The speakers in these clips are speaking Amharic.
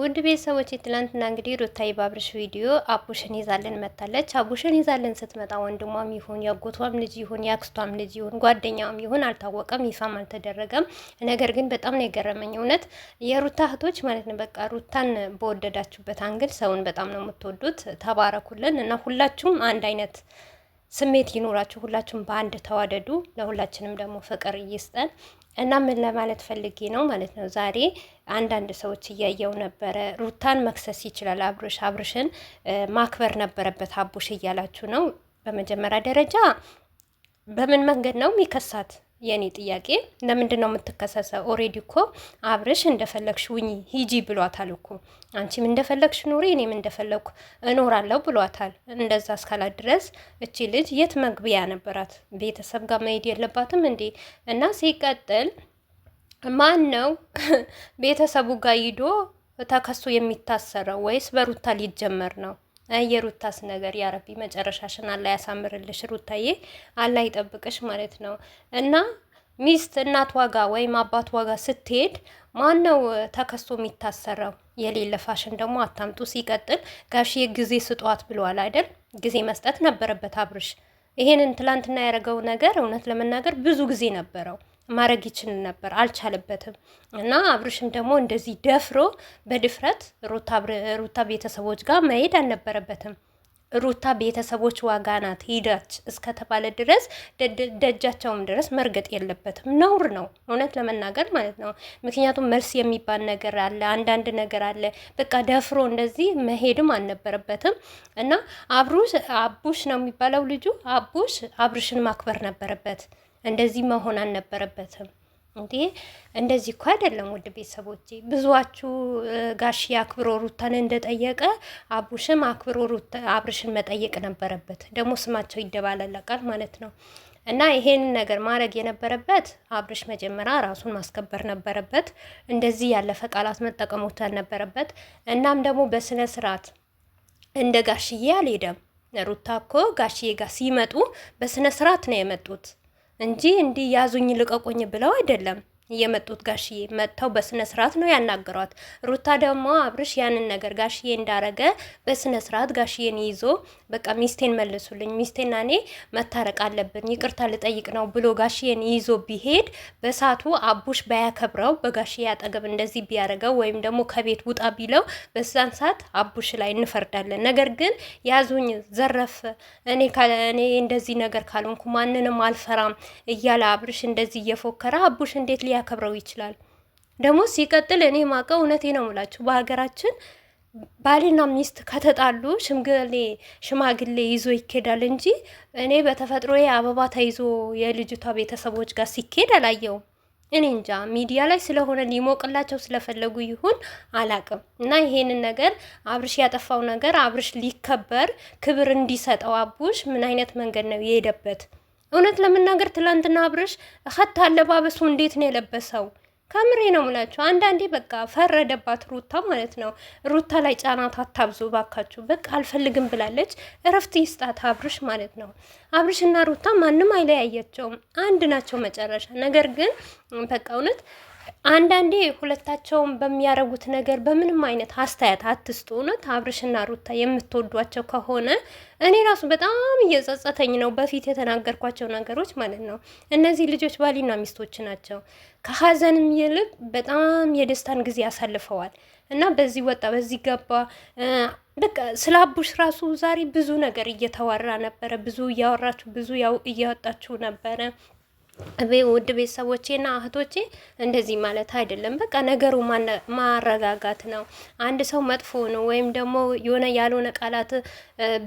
ውድ ቤተሰቦች ትላንትና እንግዲህ ሩታዬ በአብርሽ ቪዲዮ አቡሽን ይዛልን መታለች። አቡሽን ይዛልን ስትመጣ ወንድሟም ይሁን ያጎቷም ልጅ ይሁን ያክስቷም ልጅ ይሁን ጓደኛም ይሁን አልታወቀም፣ ይፋም አልተደረገም። ነገር ግን በጣም ነው የገረመኝ እውነት የሩታ እህቶች ማለት ነው። በቃ ሩታን በወደዳችሁበት አንግል ሰውን በጣም ነው የምትወዱት። ተባረኩልን እና ሁላችሁም አንድ አይነት ስሜት ይኖራችሁ፣ ሁላችሁም በአንድ ተዋደዱ። ለሁላችንም ደግሞ ፍቅር ይስጠን። እና ምን ለማለት ፈልጌ ነው ማለት ነው፣ ዛሬ አንዳንድ ሰዎች እያየው ነበረ። ሩታን መክሰስ ይችላል አብርሽ፣ አብርሽን ማክበር ነበረበት አቡሽ እያላችሁ ነው። በመጀመሪያ ደረጃ በምን መንገድ ነው የሚከሳት? የኔ ጥያቄ ለምንድን ነው የምትከሰሰው? ኦሬዲ እኮ አብርሽ እንደፈለግሽ ውኝ ሂጂ ብሏታል እኮ አንቺም እንደፈለግሽ ኑሪ እኔም እንደፈለግኩ እኖራለሁ ብሏታል። እንደዛ እስካላት ድረስ እቺ ልጅ የት መግቢያ ነበራት? ቤተሰብ ጋር መሄድ የለባትም እንዴ? እና ሲቀጥል ማን ነው ቤተሰቡ ጋር ሂዶ ተከሶ የሚታሰረው ወይስ በሩታ ሊጀመር ነው? የሩታስ ነገር ያረቢ መጨረሻሽን አላ ያሳምርልሽ፣ ሩታዬ አላ ይጠብቅሽ ማለት ነው እና ሚስት እናት ዋጋ ወይም አባት ዋጋ ስትሄድ ማን ነው ተከሶ የሚታሰረው? የሌለ ፋሽን ደግሞ አታምጡ። ሲቀጥል ጋሽ ጊዜ ስጧት ብለዋል አይደል? ጊዜ መስጠት ነበረበት አብርሽ። ይሄንን ትላንትና ያደረገው ነገር እውነት ለመናገር ብዙ ጊዜ ነበረው። ማድረግ ይችል ነበር፣ አልቻለበትም። እና አብርሽም ደግሞ እንደዚህ ደፍሮ በድፍረት ሩታ ቤተሰቦች ጋር መሄድ አልነበረበትም። ሩታ ቤተሰቦች ዋጋ ናት ሂዳች እስከተባለ ድረስ ደጃቸውም ድረስ መርገጥ የለበትም ነውር ነው፣ እውነት ለመናገር ማለት ነው። ምክንያቱም መልስ የሚባል ነገር አለ፣ አንዳንድ ነገር አለ። በቃ ደፍሮ እንደዚህ መሄድም አልነበረበትም እና አብሩሽ አቡሽ ነው የሚባለው ልጁ አቡሽ አብርሽን ማክበር ነበረበት። እንደዚህ መሆን አልነበረበትም። እንዴ እንደዚህ እኮ አይደለም። ውድ ቤተሰቦቼ ብዙዋችሁ ጋሺ አክብሮ ሩታን እንደጠየቀ አቡሽም አክብሮ ሩታ አብርሽን መጠየቅ ነበረበት። ደግሞ ስማቸው ይደባለላቃል ማለት ነው። እና ይሄን ነገር ማድረግ የነበረበት አብርሽ መጀመሪያ ራሱን ማስከበር ነበረበት። እንደዚህ ያለፈ ቃላት መጠቀሞት አልነበረበት። እናም ደግሞ በስነ ስርዓት እንደ ጋሽዬ አልሄደም። ሩታ እኮ ጋሽዬ ጋር ሲመጡ በስነ ስርዓት ነው የመጡት። እንጂ እንዲህ ያዙኝ ልቀቁኝ ብለው አይደለም። የመጡት ጋሽዬ መጥተው በስነ ስርዓት ነው ያናገሯት። ሩታ ደግሞ አብርሽ ያንን ነገር ጋሽዬ እንዳረገ በስነ ስርዓት ጋሽዬን ይዞ በቃ ሚስቴን መልሱልኝ፣ ሚስቴና እኔ መታረቅ አለብን፣ ይቅርታ ልጠይቅ ነው ብሎ ጋሽዬን ይዞ ቢሄድ በሳቱ አቡሽ ባያከብረው በጋሽዬ አጠገብ እንደዚህ ቢያረገው ወይም ደግሞ ከቤት ውጣ ቢለው በዛን ሰዓት አቡሽ ላይ እንፈርዳለን። ነገር ግን ያዙኝ፣ ዘረፍ፣ እኔ እንደዚህ ነገር ካልሆንኩ ማንንም አልፈራም እያለ አብርሽ እንደዚህ እየፎከረ አቡሽ እንዴት ሊያከብረው ይችላል። ደግሞ ሲቀጥል እኔ ማቀው እውነቴ ነው ሙላችሁ በሀገራችን ባልና ሚስት ከተጣሉ ሽምግሌ ሽማግሌ ይዞ ይኬዳል እንጂ እኔ በተፈጥሮ አበባ ተይዞ የልጅቷ ቤተሰቦች ጋር ሲኬድ አላየውም። እኔ እንጃ ሚዲያ ላይ ስለሆነ ሊሞቅላቸው ስለፈለጉ ይሁን አላቅም። እና ይሄንን ነገር አብርሽ ያጠፋው ነገር አብርሽ ሊከበር ክብር እንዲሰጠው አቡሽ ምን አይነት መንገድ ነው የሄደበት? እውነት ለመናገር ትላንትና አብርሽ ሀታ አለባበሱ እንዴት ነው የለበሰው? ከምሬ ነው ምላቸው። አንዳንዴ በቃ ፈረደባት ሩታ ማለት ነው። ሩታ ላይ ጫናት አታብዙ ባካችሁ። በቃ አልፈልግም ብላለች። እረፍት ይስጣት አብርሽ ማለት ነው። አብርሽና ሩታ ማንም አይለያያቸውም፣ አንድ ናቸው መጨረሻ። ነገር ግን በቃ እውነት አንዳንዴ ሁለታቸውን በሚያረጉት ነገር በምንም አይነት አስተያየት አትስጡ። እውነት አብርሽና ሩታ የምትወዷቸው ከሆነ እኔ ራሱ በጣም እየጸጸተኝ ነው፣ በፊት የተናገርኳቸው ነገሮች ማለት ነው። እነዚህ ልጆች ባሊና ሚስቶች ናቸው። ከሀዘንም ይልቅ በጣም የደስታን ጊዜ አሳልፈዋል። እና በዚህ ወጣ በዚህ ገባ በቃ ስለ አቡሽ ራሱ ዛሬ ብዙ ነገር እየተወራ ነበረ። ብዙ እያወራችሁ ብዙ ያው እያወጣችሁ ነበረ። ውድ ቤተሰቦቼና እህቶቼ እንደዚህ ማለት አይደለም። በቃ ነገሩ ማረጋጋት ነው። አንድ ሰው መጥፎ ነው ወይም ደግሞ የሆነ ያልሆነ ቃላት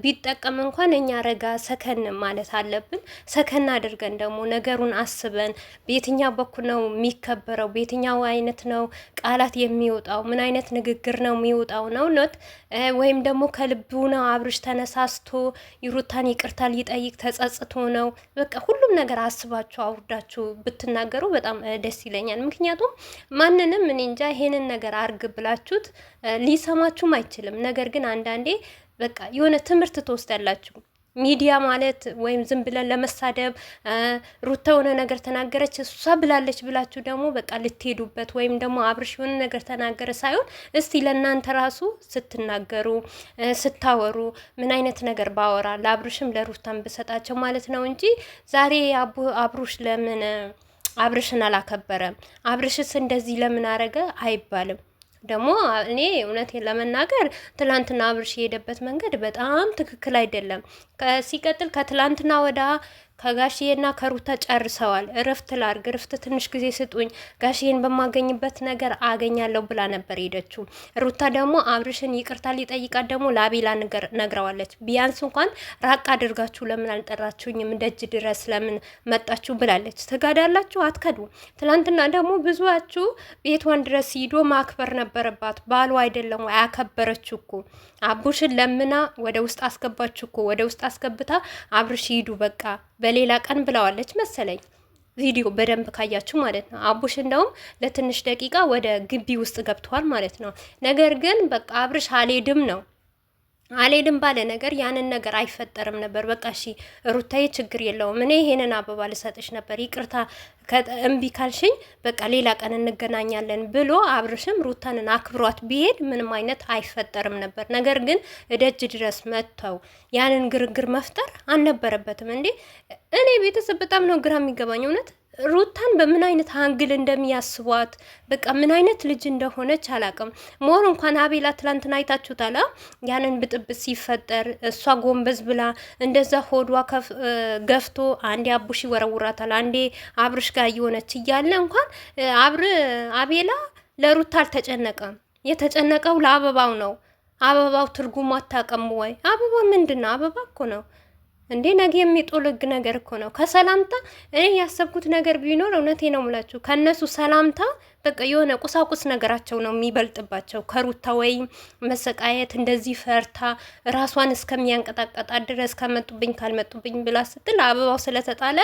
ቢጠቀም እንኳን እኛ ረጋ ሰከን ማለት አለብን። ሰከን አድርገን ደግሞ ነገሩን አስበን በየትኛው በኩል ነው የሚከበረው፣ በየትኛው አይነት ነው ቃላት የሚወጣው፣ ምን አይነት ንግግር ነው የሚወጣው ነው ነት ወይም ደግሞ ከልቡ ነው አብርሽ ተነሳስቶ ይሩታን ይቅርታ ሊጠይቅ ተጸጽቶ ነው። በቃ ሁሉም ነገር አስባቸው አውርዳችሁ ብትናገሩ በጣም ደስ ይለኛል። ምክንያቱም ማንንም እኔ እንጃ ይሄንን ነገር አርግ ብላችሁት ሊሰማችሁም አይችልም። ነገር ግን አንዳንዴ በቃ የሆነ ትምህርት ትወስዳላችሁ። ሚዲያ ማለት ወይም ዝም ብለን ለመሳደብ ሩታ የሆነ ነገር ተናገረች እሷ ብላለች ብላችሁ ደግሞ በቃ ልትሄዱበት ወይም ደግሞ አብርሽ የሆነ ነገር ተናገረ ሳይሆን እስቲ ለእናንተ ራሱ ስትናገሩ ስታወሩ ምን አይነት ነገር ባወራ ለአብርሽም ለሩታም ብሰጣቸው ማለት ነው እንጂ ዛሬ አብሩሽ ለምን አብርሽን አላከበረም፣ አብርሽስ እንደዚህ ለምን አረገ አይባልም። ደግሞ እኔ እውነቴን ለመናገር ትላንትና አብርሽ የሄደበት መንገድ በጣም ትክክል አይደለም። ሲቀጥል ከትላንትና ወዳ ከጋሽዬና ከሩታ ጨርሰዋል። እረፍት ላርግ፣ እረፍት ትንሽ ጊዜ ስጡኝ፣ ጋሽዬን በማገኝበት ነገር አገኛለሁ ብላ ነበር ሄደችው። ሩታ ደግሞ አብርሽን ይቅርታ ሊጠይቃት ደግሞ ለአቤላ ነግረዋለች። ቢያንስ እንኳን ራቅ አድርጋችሁ ለምን አልጠራችሁኝም? ደጅ ድረስ ለምን መጣችሁ ብላለች። ትጋዳላችሁ፣ አትከዱ። ትላንትና ደግሞ ብዙችሁ ቤቷን ድረስ ሂዶ ማክበር ነበረባት። ባሉ አይደለም አያከበረችው እኮ አቡሽን ለምና ወደ ውስጥ አስገባችሁ እኮ ወደ ውስጥ አስገብታ አብርሽ ሂዱ በቃ በሌላ ቀን ብለዋለች መሰለኝ። ቪዲዮ በደንብ ካያችሁ ማለት ነው። አቡሽ እንደውም ለትንሽ ደቂቃ ወደ ግቢ ውስጥ ገብተዋል ማለት ነው። ነገር ግን በቃ አብርሽ አልሄድም ነው አልሄድም ባለ ነገር ያንን ነገር አይፈጠርም ነበር። በቃ እሺ ሩታዬ ችግር የለውም እኔ ይሄንን አበባ ልሰጥሽ ነበር ይቅርታ እምቢ ካልሽኝ በቃ ሌላ ቀን እንገናኛለን ብሎ አብርሽም ሩታንን አክብሯት ቢሄድ ምንም አይነት አይፈጠርም ነበር። ነገር ግን እደጅ ድረስ መጥተው ያንን ግርግር መፍጠር አልነበረበትም እንዴ። እኔ ቤተሰብ በጣም ነው ግራ የሚገባኝ እውነት ሩታን በምን አይነት አንግል እንደሚያስቧት በቃ ምን አይነት ልጅ እንደሆነች አላቅም። ሞር እንኳን አቤላ ትላንትና አይታችሁታል። ያንን ብጥብጥ ሲፈጠር እሷ ጎንበዝ ብላ እንደዛ ሆዷ ገፍቶ አንዴ አቡሽ ይወረውራታል፣ አንዴ አብርሽ ጋር እየሆነች እያለ እንኳን አብር አቤላ ለሩታ አልተጨነቀም። የተጨነቀው ለአበባው ነው። አበባው ትርጉሙ አታውቅም ወይ? አበባ ምንድን ነው? አበባ እኮ ነው እንዴ ነገ የሚጦልግ ነገር እኮ ነው። ከሰላምታ እኔ ያሰብኩት ነገር ቢኖር እውነቴ ነው የምላችሁ ከእነሱ ሰላምታ በቃ የሆነ ቁሳቁስ ነገራቸው ነው የሚበልጥባቸው። ከሩታ ወይም መሰቃየት እንደዚህ ፈርታ ራሷን እስከሚያንቀጣቀጣ ድረስ ከመጡብኝ ካልመጡብኝ ብላ ስትል አበባው ስለተጣለ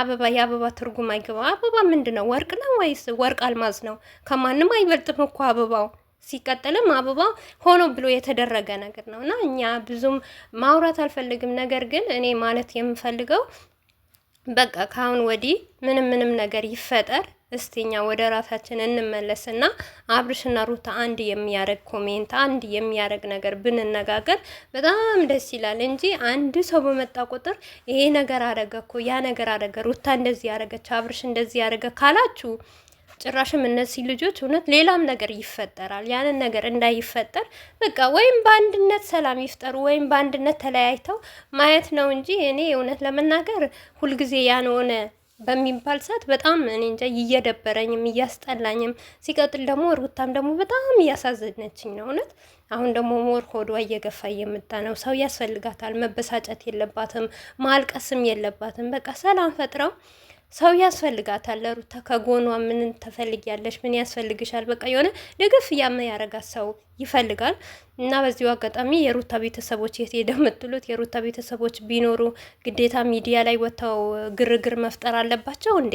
አበባ የአበባ ትርጉም አይገባ። አበባ ምንድን ነው? ወርቅ ነው ወይስ ወርቅ አልማዝ ነው? ከማንም አይበልጥም እኮ አበባው ሲቀጥልም አበባ ሆኖ ብሎ የተደረገ ነገር ነው እና እኛ ብዙም ማውራት አልፈልግም። ነገር ግን እኔ ማለት የምፈልገው በቃ ከአሁን ወዲህ ምንም ምንም ነገር ይፈጠር እስቲ እኛ ወደ ራሳችን እንመለስ ና አብርሽና ሩታ አንድ የሚያደርግ ኮሜንት፣ አንድ የሚያደርግ ነገር ብንነጋገር በጣም ደስ ይላል እንጂ አንድ ሰው በመጣ ቁጥር ይሄ ነገር አደረገ እኮ ያ ነገር አደረገ ሩታ እንደዚህ ያደረገች አብርሽ እንደዚህ ያደረገ ካላችሁ ጭራሽም እነዚህ ልጆች እውነት ሌላም ነገር ይፈጠራል። ያንን ነገር እንዳይፈጠር በቃ ወይም በአንድነት ሰላም ይፍጠሩ ወይም በአንድነት ተለያይተው ማየት ነው እንጂ እኔ እውነት ለመናገር ሁልጊዜ ያን ሆነ በሚባል ሰዓት በጣም እኔ እንጃ እየደበረኝም እያስጠላኝም፣ ሲቀጥል ደግሞ ሩታም ደግሞ በጣም እያሳዘነችኝ ነው እውነት። አሁን ደግሞ ሞር ሆዷ እየገፋ እየመጣ ነው። ሰው ያስፈልጋታል። መበሳጨት የለባትም ማልቀስም የለባትም። በቃ ሰላም ፈጥረው ሰው ያስፈልጋታል። ለሩታ ከጎኗ ምን ትፈልጊያለሽ? ምን ያስፈልግሻል? በቃ የሆነ ደግፍ እያመ ያረጋት ሰው ይፈልጋል። እና በዚሁ አጋጣሚ የሩታ ቤተሰቦች የት ሄደ የምትሉት የሩታ ቤተሰቦች ቢኖሩ ግዴታ ሚዲያ ላይ ወጥተው ግርግር መፍጠር አለባቸው እንዴ?